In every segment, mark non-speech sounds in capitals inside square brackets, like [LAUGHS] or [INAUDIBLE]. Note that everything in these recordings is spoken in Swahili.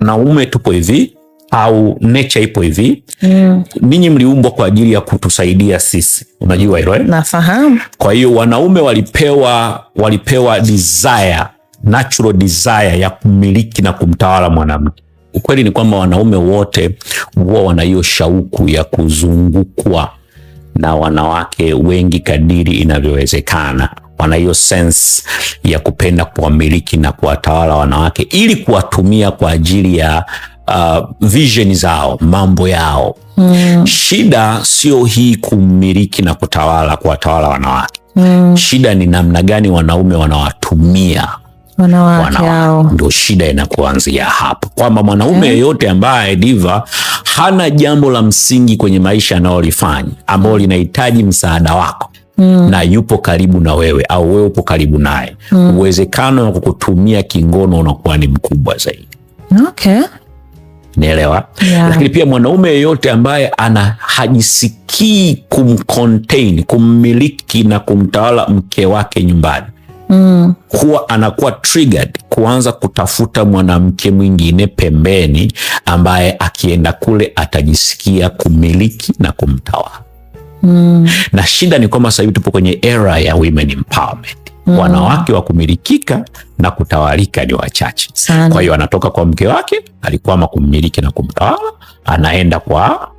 wanaume tupo hivi au nature ipo hivi mm. Ninyi mliumbwa kwa ajili ya kutusaidia sisi, unajua hilo eh? Nafahamu. Kwa hiyo wanaume walipewa walipewa desire, natural desire ya kumiliki na kumtawala mwanamke. Ukweli ni kwamba wanaume wote huwa wana hiyo shauku ya kuzungukwa na wanawake wengi kadiri inavyowezekana wana hiyo sense ya kupenda kuwamiliki na kuwatawala wanawake ili kuwatumia kwa ajili ya uh, vision zao, mambo yao. Mm. Shida sio hii kumiliki na kutawala, kuwatawala wanawake. Mm. Shida ni namna gani wanaume wanawatumia wanawake, ndio shida inakuanzia hapo, kwamba mwanaume mm. yeyote okay, ambaye diva hana jambo la msingi kwenye maisha anayolifanya ambalo linahitaji msaada wako mm. na yupo karibu na wewe au wewe upo karibu naye mm. uwezekano wa kukutumia kingono unakuwa ni mkubwa zaidi. Okay. Naelewa yeah. Lakini pia mwanaume yeyote ambaye ana hajisikii kumcontain, kummiliki na kumtawala mke wake nyumbani mm. huwa anakuwa triggered kuanza kutafuta mwanamke mwingine pembeni ambaye akienda kule atajisikia kumiliki na kumtawala. Mm. na shida ni kwamba sasa hivi tupo kwenye era ya women empowerment mm. wanawake wa kumilikika na kutawalika ni wachache. Kwa hiyo anatoka kwa mke wake alikwama kummiliki na kumtawala, anaenda kwa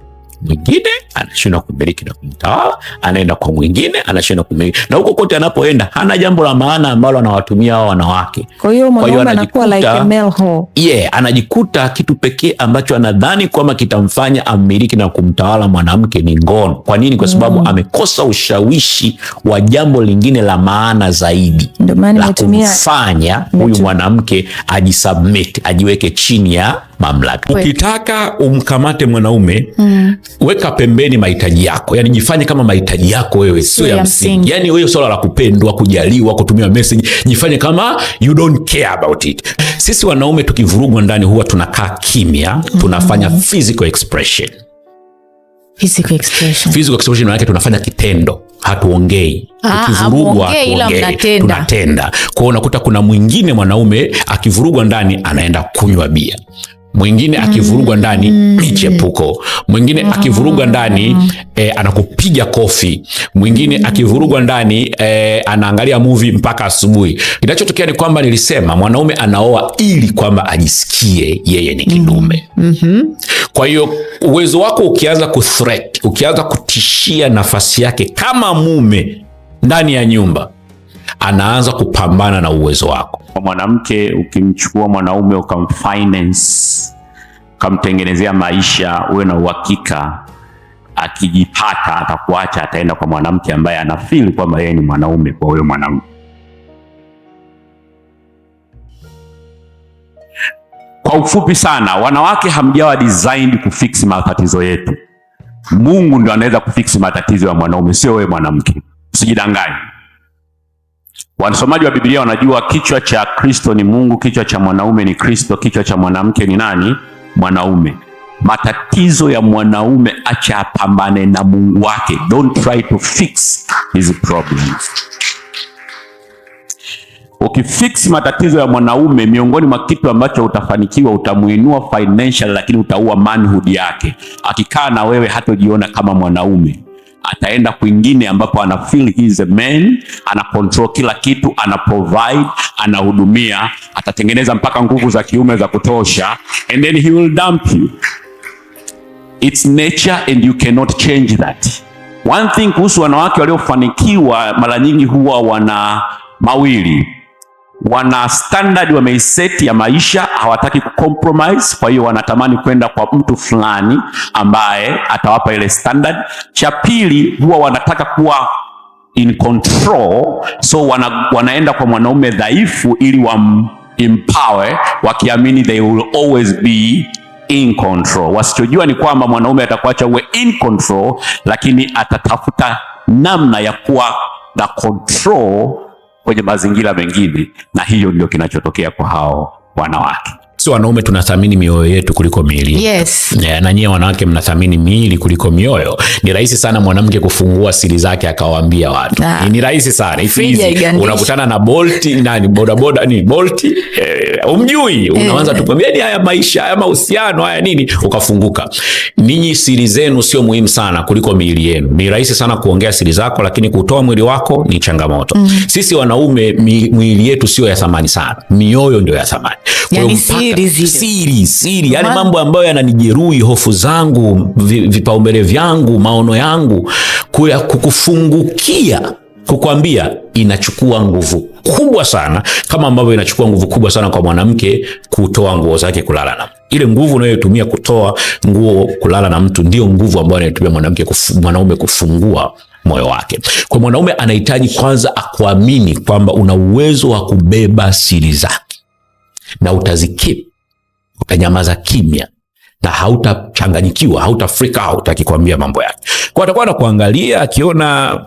mwingine, anashindwa kumiliki na kumtawala, anaenda kwa mwingine, anashindwa kumiliki na huko kote anapoenda hana jambo la maana ambalo anawatumia hao wanawake. Kwa hiyo mwanaume anakuwa like a male whore. Yeah, anajikuta kitu pekee ambacho anadhani kwamba kitamfanya amiliki na kumtawala mwanamke ni ngono. Kwa nini? Kwa sababu mm, amekosa ushawishi wa jambo lingine la maana zaidi la kumfanya huyu mwanamke ajisubmit, ajiweke chini ya mamlaka. Ukitaka umkamate mwanaume mm. weka pembeni mahitaji yako, yani jifanye kama mahitaji yako wewe sio ya msingi. Yani wewe swala la kupendwa, kujaliwa, kutumia message, jifanye kama you don't care about it. Sisi wanaume tukivurugwa ndani huwa tunakaa kimya, tunafanya mm. -hmm. physical expression Physical expression. Physical expression maana yake tunafanya kitendo, hatuongei. Ah, Ukivurugwa tunatenda. Kwa hiyo unakuta kuna mwingine mwanaume akivurugwa ndani anaenda kunywa bia mwingine mm. akivurugwa ndani ni mm. chepuko, mwingine ah. akivurugwa ndani e, anakupiga kofi, mwingine mm. akivurugwa ndani e, anaangalia movie mpaka asubuhi. Kinachotokea ni kwamba nilisema mwanaume anaoa ili kwamba ajisikie yeye ni kinume mm -hmm. Kwa hiyo uwezo wako ukianza ku ukianza kutishia nafasi yake kama mume ndani ya nyumba anaanza kupambana na uwezo wako. Kwa mwanamke, ukimchukua mwanaume ukamfinance, ukamtengenezea maisha, uwe na uhakika, akijipata atakuacha, ataenda kwa mwanamke ambaye anafili kwamba yeye ni mwanaume kwa huyo mwanamke. Kwa ufupi sana, wanawake hamjawa designed kufix matatizo yetu. Mungu ndio anaweza kufix matatizo ya mwanaume, sio wewe mwanamke, usijidanganye. Wasomaji wa Biblia wanajua kichwa cha Kristo ni Mungu, kichwa cha mwanaume ni Kristo, kichwa cha mwanamke ni nani? Mwanaume. Matatizo ya mwanaume acha apambane na Mungu wake. Don't try to fix his problems. Ukifix matatizo ya mwanaume, miongoni mwa kitu ambacho utafanikiwa, utamuinua financial, lakini utaua manhood yake. Akikaa na wewe hatojiona kama mwanaume ataenda kwingine ambapo ana feel he is a man, ana control kila kitu, ana provide, anahudumia, atatengeneza mpaka nguvu za kiume za kutosha, and then he will dump you. It's nature and you cannot change that. One thing kuhusu wanawake waliofanikiwa, mara nyingi huwa wana mawili wana standard wameiseti ya maisha, hawataki kucompromise. Kwa hiyo wanatamani kwenda kwa mtu fulani ambaye atawapa ile standard. Cha pili, huwa wanataka kuwa in control, so wana, wanaenda kwa mwanaume dhaifu ili wa empower, wakiamini they will always be in control. Wasichojua ni kwamba mwanaume atakuacha uwe in control, lakini atatafuta namna ya kuwa na control kwenye mazingira mengine, na hiyo ndio kinachotokea kwa hao wanawake si wanaume tunathamini mioyo yetu kuliko miili yes. Eh, na nyie wanawake mnathamini miili kuliko mioyo. Ni rahisi sana mwanamke kufungua siri zake akawaambia watu ah. Ni rahisi sana unakutana na bolti na bodaboda ni bolti eh, umjui eh. unaanza eh. Tupambeni yaani haya maisha haya mahusiano haya nini, ukafunguka. Ninyi siri zenu sio muhimu sana kuliko miili yenu. Ni rahisi sana kuongea siri zako, lakini kutoa mwili wako ni changamoto mm. Sisi wanaume miili yetu sio ya thamani sana, mioyo ndio ya thamani yani siri siri siri, yani mambo ambayo yananijeruhi, hofu zangu, vipaumbele vyangu, maono yangu, kukufungukia kukwambia inachukua nguvu kubwa sana, kama ambavyo inachukua nguvu kubwa sana kwa mwanamke kutoa nguo zake kulala na ile nguvu unayotumia kutoa nguo kulala na mtu ndio nguvu ambayo anayotumia mwanamke kufu, mwanaume kufungua moyo wake. Kwa mwanaume anahitaji kwanza akuamini kwamba una uwezo wa kubeba siri zake na utazikip utanyamaza kimya na hautachanganyikiwa, hauta freak out akikwambia mambo yake. Kwa atakuwa anakuangalia akiona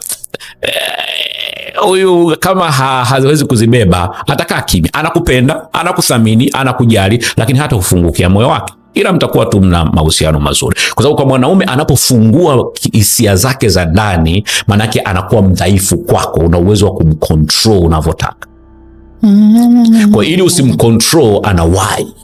eh, huyu eh, kama ha, hawezi kuzibeba, atakaa kimya. Anakupenda, anakuthamini, anakujali, lakini hata kufungukia moyo wake ila mtakuwa tu mna mahusiano mazuri, kwa sababu kwa mwanaume anapofungua hisia zake za ndani, maanake anakuwa mdhaifu kwako, una uwezo wa kumcontrol unavyotaka. Mm. Kwa ili usimcontrol, anawahi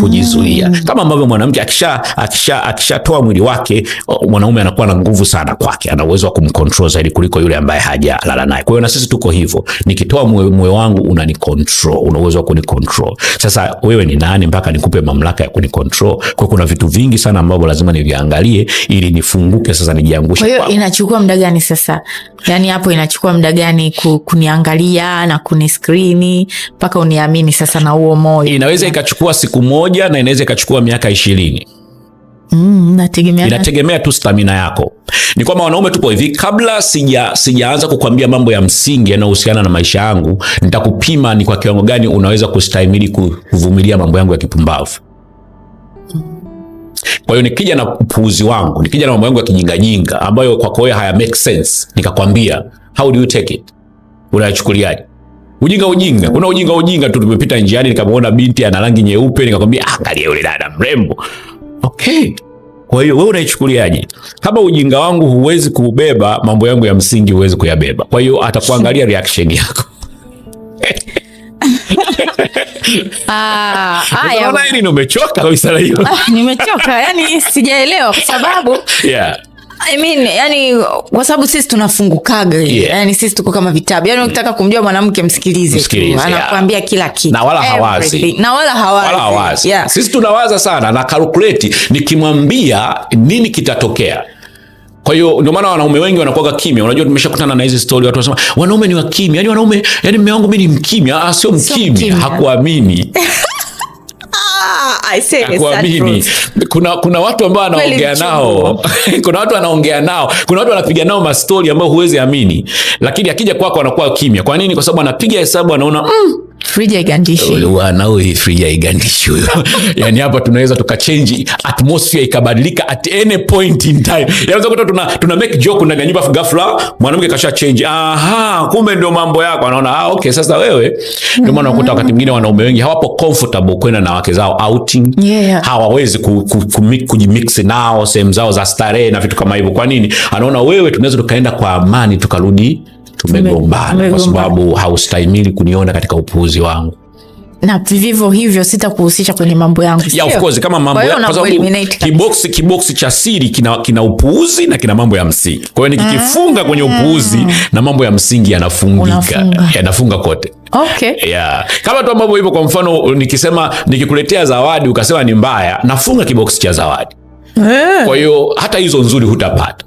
kujizuia, mm. kama ambavyo mwanamke akisha akisha akishatoa mwili wake, mwanaume anakuwa na nguvu sana kwake, ana uwezo wa kumcontrol zaidi kuliko yule ambaye hajalala naye. Kwa hiyo na sisi tuko hivyo, nikitoa moyo wangu unanicontrol, una uwezo wa kunicontrol. Sasa wewe ni nani mpaka nikupe mamlaka ya kunicontrol? Kwa kuna vitu vingi sana ambavyo lazima niviangalie ili nifunguke sasa, nijiangushe. Kwa hiyo inachukua muda gani sasa? Yani hapo inachukua muda gani kuniangalia na kuniskrini mpaka uniamini sasa na huo moyo? Inaweza ikachukua siku moja na inaweza ikachukua miaka ishirini. Mm, inategemea tu stamina yako. Ni kwamba wanaume tupo hivi, kabla sija sijaanza kukwambia mambo ya msingi yanayohusiana na maisha yangu, nitakupima ni kwa kiwango gani unaweza kustahimili kuvumilia mambo yangu ya kipumbavu. Kwa hiyo nikija na upuuzi wangu, nikija na mambo yangu ya kijingajinga ambayo kwako wewe haya make sense, nikakwambia how do you take it, unayachukuliaje? Ujinga ujinga. Kuna ujinga ujinga tu tumepita njiani nikamwona binti ana rangi nyeupe nikamwambia ah, angalia yule dada mrembo. Okay. Kwa hiyo wewe unaichukuliaje? Kama ujinga wangu huwezi kuubeba, mambo yangu ya msingi huwezi kuyabeba. Kwa hiyo atakuangalia reaction yako. [LAUGHS] Ah, [LAUGHS] haya. nini umechoka kabisa hiyo. [LAUGHS] Nimechoka, yani sijaelewa kwa sababu yeah. I mean, yani kwa sababu sisi tunafungukaga yeah. Yani sisi tuko kama vitabu yani, ukitaka kumjua mwanamke msikilize tu, anakuambia kila kitu na wala hawazi, na wala hawazi, wala hawazi. Yeah. Sisi tunawaza sana na kalkuleti, nikimwambia nini kitatokea kwa hiyo ndio maana wanaume wengi wanakuaga kimya. Unajua, tumeshakutana na hizi stori, watu wanasema wanaume ni wakimya, yani wanaume, yani mume wangu mi ni mkimya. Ah, sio mkimya, hakuamini [LAUGHS] kuamini Kuna, kuna watu ambao anaongea [LAUGHS] nao kuna watu anaongea nao, kuna watu anapiga nao mastori ambayo huwezi amini, lakini akija kwako anakuwa kimya. Kwa nini? Kwa sababu anapiga hesabu, anaona mm, friji haigandishi wanao friji haigandishi huyo [LAUGHS] yani hapa tunaweza tukachange atmosphere ikabadilika at any point in time yanaweza kuta tuna, tuna make joke ndani ya nyumba ghafla mwanamke kasha change aha kumbe ndio mambo yako anaona ah okay sasa wewe ndio maana unakuta wakati mwingine wanaume wengi hawapo comfortable kwenda na wake zao outing yeah. hawawezi ku, ku, ku, kujimix nao sehemu zao za starehe na vitu kama hivyo kwa nini anaona wewe tunaweza tukaenda kwa amani tukarudi tumegombana kwa sababu haustahimili kuniona katika upuuzi wangu na vivivo hivyo sitakuhusisha kwenye mambo yangu. Yeah, of course, kama mambo ya, kwa sababu kiboksi kiboksi cha siri kina, kina upuuzi na kina mambo ya msingi. Kwa hiyo nikikifunga kwenye ah. upuuzi na mambo ya msingi yanafungika, yanafunga kote. Okay. Yeah. Kama tu mambo hivyo, kwa mfano nikisema nikikuletea zawadi ukasema ni mbaya, nafunga kiboksi cha zawadi. Eh. Kwa hiyo hata hizo nzuri hutapata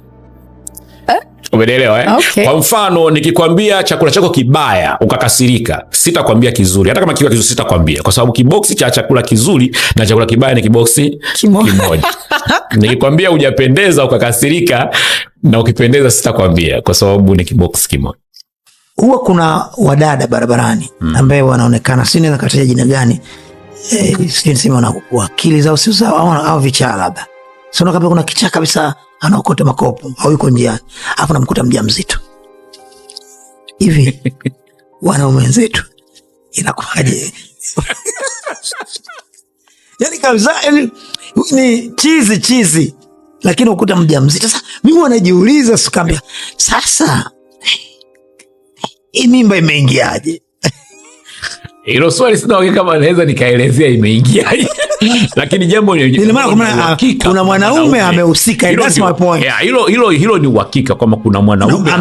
umenielewa eh? Okay. Kwa mfano nikikwambia chakula chako kibaya ukakasirika, sitakwambia kizuri. Hata kama kiwa kizuri sitakwambia kwa sababu kiboksi cha chakula kizuri na chakula kibaya ni kiboksi kimoja. [LAUGHS] Nikikwambia hujapendeza ukakasirika na ukipendeza sitakwambia kwa sababu ni kiboksi kimoja. Huwa kuna wadada barabarani hmm. ambaye wanaonekana sini nakataja jina gani? Eh, sijui nisema wana akili zao sio sawa au vichaa labda sono kama kuna kichaa kabisa, anaokota makopo au yuko njiani, afu namkuta mjamzito. Hivi [LAUGHS] wanaume wenzetu inakuwaje? [LAUGHS] Yani kabisa, yani ni chizi chizi, lakini ukuta mjamzito. Sasa mimi wanajiuliza, sikambia sasa hii mimba imeingiaje? Hilo swali sina uhakika kama naweza nikaelezea imeingiaje. [LAUGHS] [LAUGHS] lakini jambo kuna ah, mwanaume amehusika, hilo hilo ni uhakika kwamba kuna mwanaume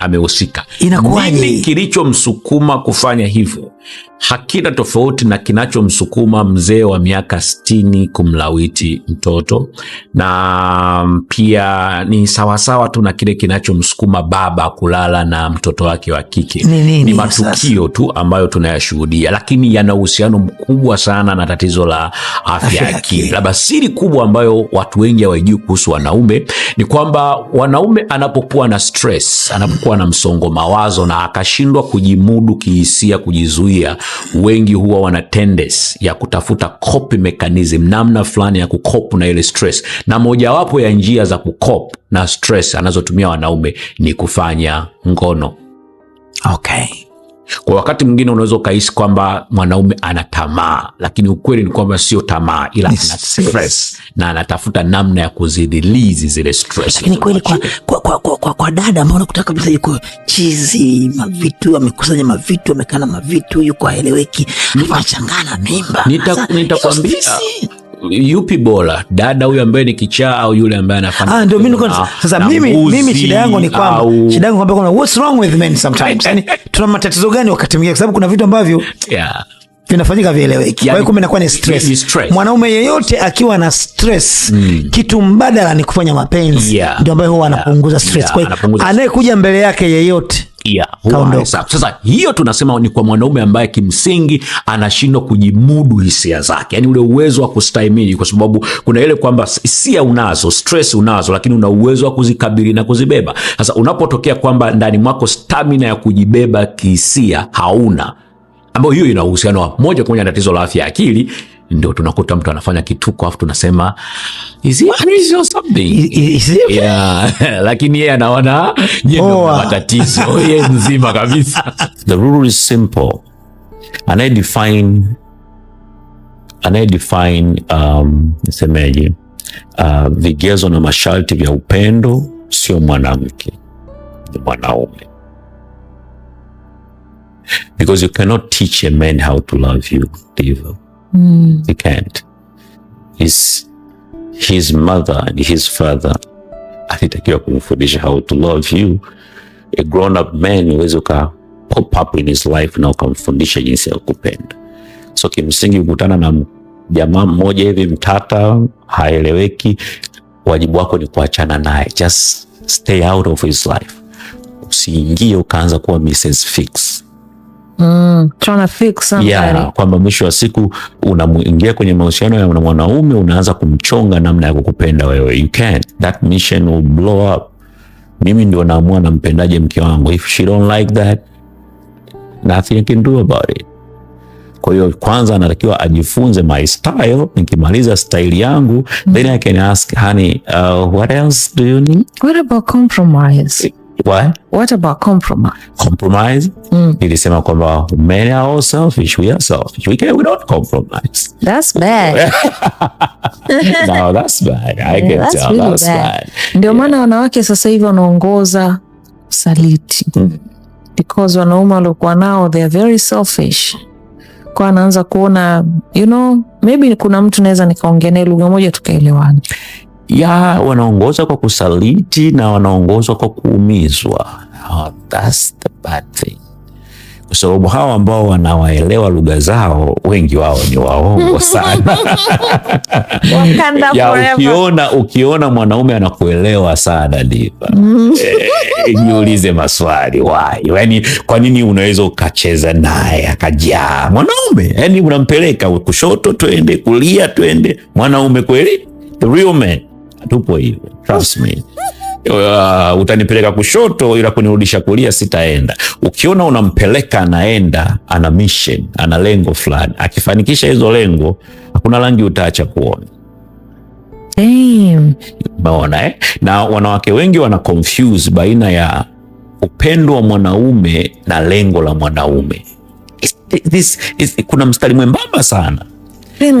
amehusika. Inakuwaje? Nini kilichomsukuma kufanya hivyo? hakina tofauti na kinachomsukuma mzee wa miaka sitini kumlawiti mtoto, na pia ni sawasawa tu na kile kinachomsukuma baba kulala na mtoto wake wa kike. Ni matukio tu ambayo tunayashuhudia, lakini yana uhusiano mkubwa sana na tatizo la afya ya akili. Labda siri kubwa ambayo watu wengi hawajui kuhusu wanaume ni kwamba wanaume anapokuwa na stress, anapokuwa na msongo mawazo na akashindwa kujimudu kihisia, kujizuia Biblia, wengi huwa wana tendency ya kutafuta coping mechanism, namna fulani ya kukopu na ile stress, na mojawapo ya njia za kukop na stress anazotumia wanaume ni kufanya ngono. Okay. Kwa wakati mwingine unaweza ukahisi kwamba mwanaume ana tamaa, lakini ukweli ni kwamba sio tamaa, ila ana stress na anatafuta namna ya kuzidhilizi zile stress. Lakini kweli kwa, kwa, kwa, kwa, kwa, kwa dada ambao unakutaka kabisa, yuko chizi mavitu, amekusanya mavitu, amekana mavitu, yuko haeleweki, anachangana mimba. Nitakwambia yupi bora, dada huyu ambaye ni kichaa au yule ambaye anafanya? Ah, ndio mimi niko ah, sasa. Mimi mimi shida yangu ni kwamba au... shida yangu kwamba kuna what's wrong with men sometimes, [LAUGHS] yani tuna matatizo gani wakati mwingine, kwa sababu kuna vitu ambavyo yeah vinafanyika vieleweki. yani, Kwa hiyo yaani, kumbe inakuwa ni stress. stress. Mwanaume yeyote akiwa na stress mm, kitu mbadala ni kufanya mapenzi, yeah. ndio yeah, ambayo huwa anapunguza yeah. stress. yeah. Kwa hiyo anayekuja mbele yake yeyote pia Sasa hiyo tunasema ni kwa mwanaume ambaye kimsingi anashindwa kujimudu hisia zake, yani ule uwezo wa kustahimili, kwa sababu kuna ile kwamba hisia unazo, stress unazo, lakini una uwezo wa kuzikabili na kuzibeba. Sasa unapotokea kwamba ndani mwako stamina ya kujibeba kihisia hauna, ambayo hiyo ina uhusiano wa moja kwa moja na tatizo la afya ya akili ndio tunakuta mtu anafanya kituko afu tunasema is it crazy or something is it yeah, [LAUGHS] lakini yeye anaona yeye matatizo yeye nzima kabisa. [LAUGHS] The rule is simple, anaye define anaye define um, semeje uh, vigezo na masharti vya upendo sio mwanamke, ni mwanaume because you cannot teach a man how to love you, ndivyo Mm. He can't. His, his mother and his father alitakiwa kumfundisha how to love you. A grown up man uweze uka pop up in his life na ukamfundisha jinsi ya kupenda. So kimsingi kukutana na jamaa mmoja hivi mtata haeleweki, wajibu wako ni kuachana naye, just stay out of his life. Usiingie ukaanza kuwa Mrs. Fix. Mm, yeah, kwamba mwisho wa siku unamuingia kwenye mahusiano ya mwanaume unaanza kumchonga namna ya kukupenda wewe. You That mission will blow up. Mimi ndio naamua nampendaje mke wangu. If she don't like that, nothing can do about it. Kwa hiyo kwanza anatakiwa ajifunze my style. Nikimaliza style yangu, mm, then I can ask honey, uh, what else do you need? What about compromise? What? What about compromise? Compromise? Mm. Nilisema kwamba men are all selfish. We are selfish. We can, we don't compromise. That's bad. [LAUGHS] No, that's bad. I yeah, can yeah, tell really that's bad. Ndio maana wanawake sasa hivi wanaongoza saliti. Mm. Because wanaume waliokuwa nao they are very selfish. Kwa anaanza kuona you know, maybe kuna mtu naweza nikaongea naye lugha moja tukaelewana ya wanaongozwa kwa kusaliti na wanaongozwa kwa kuumizwa. Oh, that's the bad thing, kwa sababu hawa ambao wanawaelewa lugha zao wengi wao ni waongo [LAUGHS] sana. ya, ukiona, ukiona mwanaume anakuelewa sana diva mm. eh, eh, niulize maswali wai, yani kwa nini unaweza ukacheza naye akajaa mwanaume, yani unampeleka kushoto twende kulia twende, mwanaume kweli, the real man tupo hivyo, trust me. Uh, utanipeleka kushoto ila kunirudisha kulia sitaenda. Ukiona unampeleka anaenda, ana mission, ana lengo fulani, akifanikisha hizo lengo, hakuna rangi utaacha kuona. Umeona, eh? Na wanawake wengi wana confuse baina ya upendo wa mwanaume na lengo la mwanaume. this, is, kuna mstari mwembamba sana.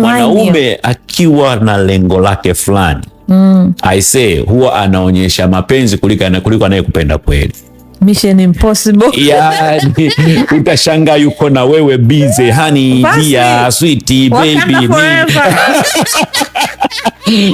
Mwanaume akiwa na lengo lake fulani mm. say huwa anaonyesha mapenzi kuliko kuliko anayekupenda kweli. Mission impossible. [LAUGHS] Yani, utashanga yuko na wewe bize hani dia sweetie baby [LAUGHS]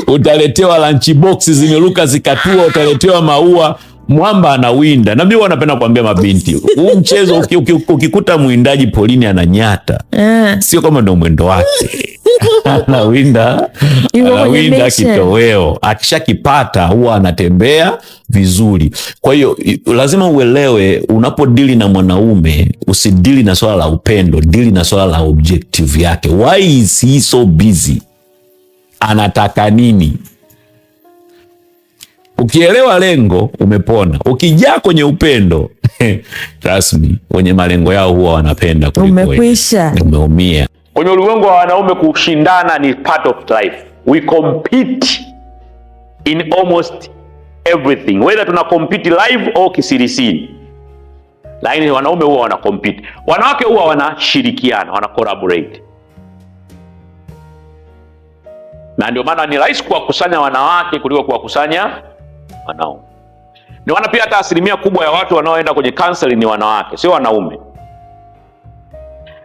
utaletewa lunch box zimeruka zikatua, utaletewa maua mwamba anawinda. Na mimi huwa napenda kuambia mabinti huu mchezo ukikuta uki, uki, uki, mwindaji polini ananyata, eh. sio kama ndo mwendo wake [LAUGHS] anawinda anawinda kitoweo, akishakipata huwa anatembea vizuri. Kwa hiyo lazima uelewe, unapodili na mwanaume usidili na swala la upendo, dili na swala la objective yake. Why is he so busy? Anataka nini? Ukielewa lengo umepona. Ukijaa kwenye upendo [LAUGHS] rasmi, wenye malengo yao huwa wanapenda kuliko, umekwisha, umeumia. Kwenye ulimwengu wa wanaume kushindana ni part of life. We compete in almost everything, whether tuna compete live au kisirisini, lakini wanaume huwa wana compete. Wanawake huwa wanashirikiana, wana collaborate, na ndio maana ni rahisi kuwakusanya wanawake kuliko kuwakusanya wanaume. Ndio maana pia hata asilimia kubwa ya watu wanaoenda kwenye counseling ni wanawake, sio wanaume.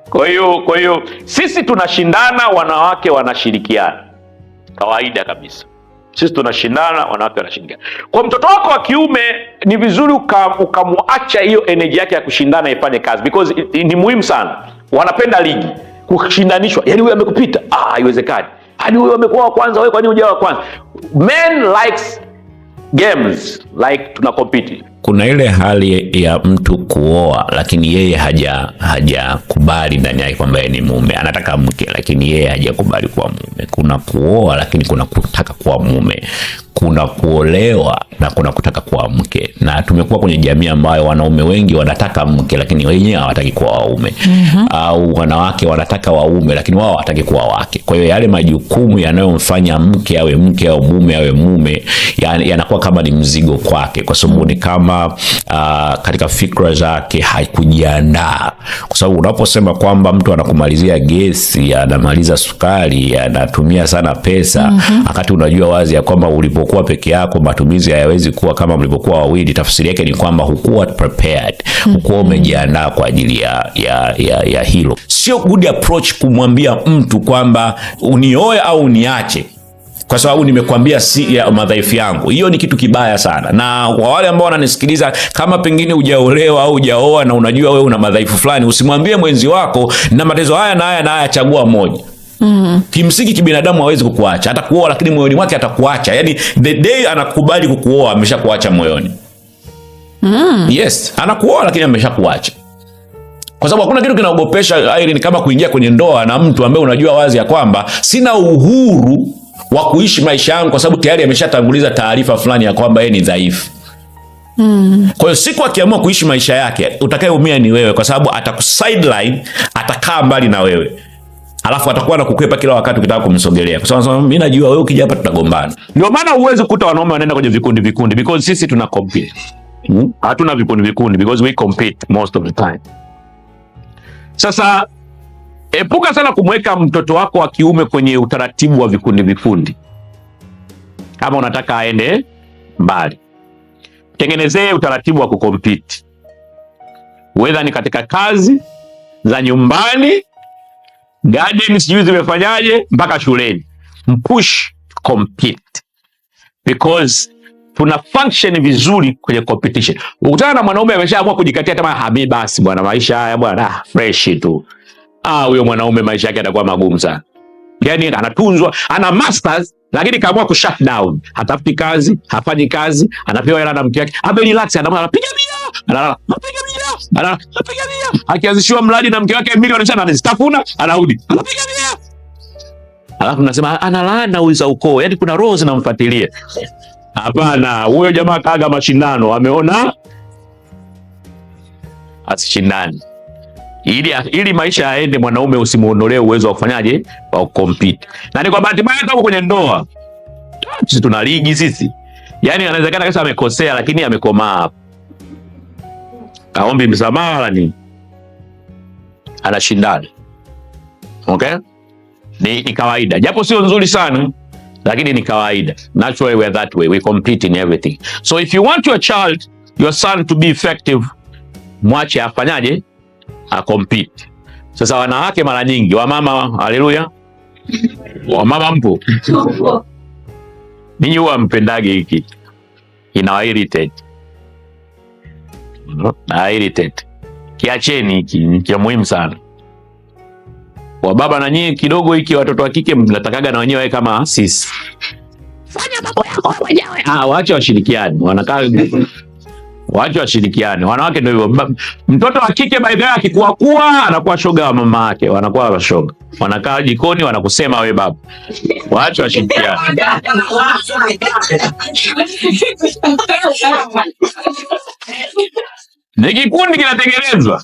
Kwa hiyo kwa hiyo sisi tunashindana, wanawake wanashirikiana, kawaida kabisa. Sisi tunashindana, wanawake wanashirikiana. Kwa mtoto wako wa kiume ni vizuri ukamwacha hiyo eneji yake ya kushindana ifanye kazi, because ni muhimu sana. Wanapenda ligi, kushindanishwa, yani huyu amekupita, ah, haiwezekani, hadi huyu amekuwa wa kwanza, wewe kwa nini hujawa wa kwanza? Men likes games like compete kuna ile hali ya mtu kuoa lakini yeye haja hajakubali ndani yake kwamba yeye ni mume, anataka mke lakini yeye hajakubali kuwa mume. Kuna kuoa lakini kuna kutaka kuwa mume, kuna kuolewa na kuna kutaka kuwa mke. Na tumekuwa kwenye jamii ambayo wanaume wengi wanataka mke lakini wenyewe hawataki kuwa waume mm -hmm. Au wanawake wanataka waume lakini wao hawataki kuwa wake. Kwa hiyo yale majukumu yanayomfanya mke awe mke au mume awe mume yanakuwa kama ni mzigo kwake, kwa sababu ni kama uh, katika fikra zake haikujiandaa, kwa sababu unaposema kwamba mtu anakumalizia gesi, anamaliza sukari, anatumia sana pesa mhm. wakati mm -hmm. unajua wazi ya kwamba ulipokuwa peke yako matumizi hayawezi kuwa kama mlipokuwa wawili. Tafsiri yake ni kwamba hukuwa prepared, mhm. hukuwa umejiandaa kwa ajili ya, ya, ya, ya hilo. Sio good approach kumwambia mtu kwamba unioe au uniache kwa sababu nimekuambia si ya madhaifu yangu. Hiyo ni kitu kibaya sana, na kwa wale ambao wananisikiliza, kama pengine hujaolewa au hujaoa na unajua wewe una madhaifu fulani, usimwambie mwenzi wako na matezo haya na haya na haya, chagua moja. Mm. hmm Kimsingi kibinadamu hawezi kukuacha, atakuoa lakini moyoni mwake atakuacha. yani the day anakubali kukuoa ameshakuacha moyoni. Mm. hmm Yes, anakuoa lakini ameshakuacha. Kwa sababu hakuna kitu kinaogopesha Irene kama kuingia kwenye ndoa na mtu ambaye unajua wazi ya kwamba sina uhuru wa kuishi maisha yangu, kwa sababu tayari ameshatanguliza taarifa fulani ya kwamba yeye ni dhaifu. Mm. Kwa hiyo siku akiamua kuishi maisha yake, utakayeumia ni wewe, kwa sababu atakusideline, atakaa mbali na wewe, alafu atakuwa anakukwepa kila wakati ukitaka kumsogelea, kwa sababu mimi najua wewe ukija hapa tutagombana. Ndio maana huwezi kukuta wanaume wanaenda kwenye vikundi vikundi, because sisi tuna compete. Hmm? Hatuna mm, vikundi vikundi because we compete most of the time. Sasa Epuka sana kumweka mtoto wako wa kiume kwenye utaratibu wa vikundi vikundi, kama unataka aende mbali. Tengenezee utaratibu wa kukompiti, wedha ni katika kazi za nyumbani, garden sijui zimefanyaje, mpaka shuleni. Mpush compete because tuna function vizuri kwenye competition. Ukutana na mwanaume ameshaamua kujikatia tamaa, habibi, basi bwana, maisha haya bwana fresh tu ah, huyo mwanaume maisha yake yatakuwa magumu sana. Yani anatunzwa ana masters, lakini kaamua ku shut down, hatafuti kazi, hafanyi kazi, anapewa hela na mke wake, ame relax, anapiga bia, analala, anapiga bia, analala, anapiga bia. Akianzishiwa mradi na mke wake milioni sana anazitafuna, anarudi anapiga bia. Alafu nasema analaana huyu za ukoo, yani kuna roho zinamfuatilia. Hapana, huyo jamaa kaaga mashindano, ameona asishindani ili, ili maisha yaende, mwanaume usimuonolee uwezo wa kufanyaje, wa kukompiti. Na ni kwa bahati mbaya tu kwenye ndoa sisi tuna ligi sisi, yani anawezekana kesa amekosea, lakini amekomaa, kaombi msamaha la nini, anashindana. Okay, ni, ni kawaida japo sio nzuri sana lakini ni kawaida. Naturally we are that way, we compete in everything. So if you want your child your son to be effective, mwache afanyaje a compete. Sasa wanawake mara nyingi, wamama, haleluya, wamama mpo [LAUGHS] ninyi, huwa mpendage hiki inawa irritate na irritate. Kiacheni hiki, ni cha muhimu sana. baba na nyie kidogo hiki, watoto wa kike mnatakaga na wenyewe kama sisi, fanya mambo yako mwenyewe. Ah, waache washirikiane, wanakaa Wache washirikiane, wanawake ndio hivyo. Mtoto wa kike by the way akikuwa kuwa anakuwa shoga wa mama yake, wanakuwa washoga, wanakaa jikoni, wanakusema we baba. Wache washirikiane. [LAUGHS] Ni kikundi kinatengenezwa